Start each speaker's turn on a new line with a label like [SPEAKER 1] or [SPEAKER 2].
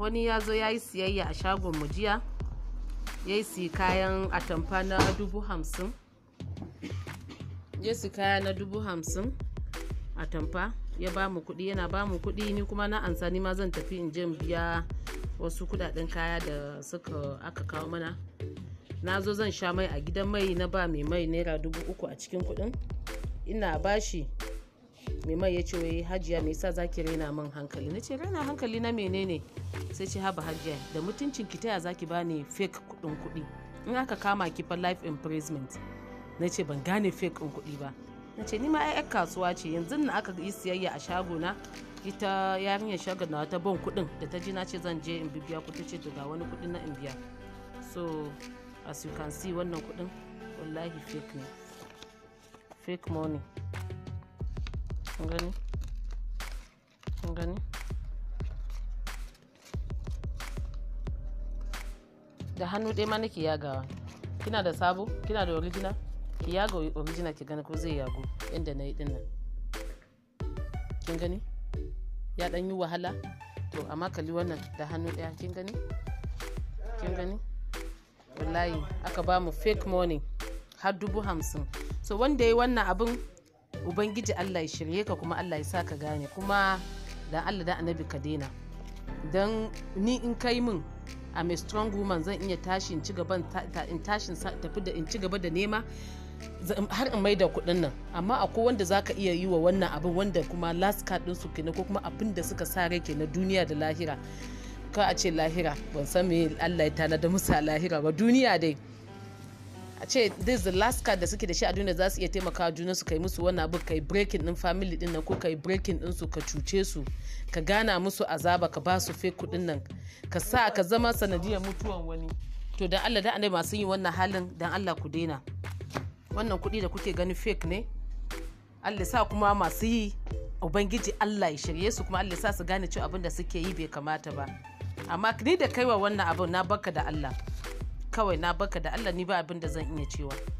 [SPEAKER 1] wani ya zo ya yi siyayya a shagon mu jiya ya yi si kayan atamfa na dubu hamsin ya si kaya na dubu hamsin atamfa ya ba mu kuɗi yana ba mu kuɗi ni kuma na ansa ni ma zan tafi in je biya wasu kuɗaɗen kaya da suka aka kawo mana na zo zan sha mai a gidan mai na ba mai mai naira dubu uku a cikin kuɗin ina bashi mai mai ya ce wai hajiya me yasa zaki raina min hankali na ce raina hankali na menene sai ce haba hajiya da mutuncin ki taya zaki bani fake kudin kudi in aka kama ki fa life imprisonment na ce ban gane fake ɗin kudi ba na ce ni ma ai kasuwa ce yanzu na aka yi siyayya a shago na ita yarinyar shagon na ta bon kudin da ta ji na ce zan je in bibiya ku ta ce to ga wani kuɗi na in biya so as you can see wannan kudin wallahi fake ne fake money kun gani kun gani da hannu ɗaya ma nake yagawa kina da sabo kina da original ki yaga original ki gani ko zai yago inda na yi din nan kin gani ya ɗan yi wahala to amma kalli wannan da hannu ɗaya kin gani kin gani wallahi aka ba mu fake money har dubu hamsin so wanda ya yi wannan abin ubangiji allah ya shirye ka kuma allah ya sa ka gane kuma da allah da annabi ka daina don ni in kai min a mai strong woman zan iya tashi in ci gaba in tashin tafi da in ci gaba da nema har in maida kuɗin nan amma akwai wanda za ka iya yi wa wannan abin wanda kuma last card ɗinsu kenan ko kuma abin da suka sa rai na duniya da lahira ka a ce lahira ban san me allah ya tana musu a lahira ba duniya dai a ce this the last card da suke da shi a duniya za su iya taimaka juna su kai musu wani abu kai breaking din family din nan ko kai breaking din su ka cuce su ka gana musu azaba ka ba su fake kudin nan ka sa ka zama sanadiyar mutuwan wani to dan Allah dan annabi masu yin wannan halin dan Allah ku daina wannan kudi da kuke gani fake ne Allah sa kuma masu yi ubangiji Allah ya shirye su kuma Allah sa su gane cewa abin da suke yi bai kamata ba amma ni da kaiwa wannan abu na baka da Allah kawai na baka da Allah ni ba abin da zan iya cewa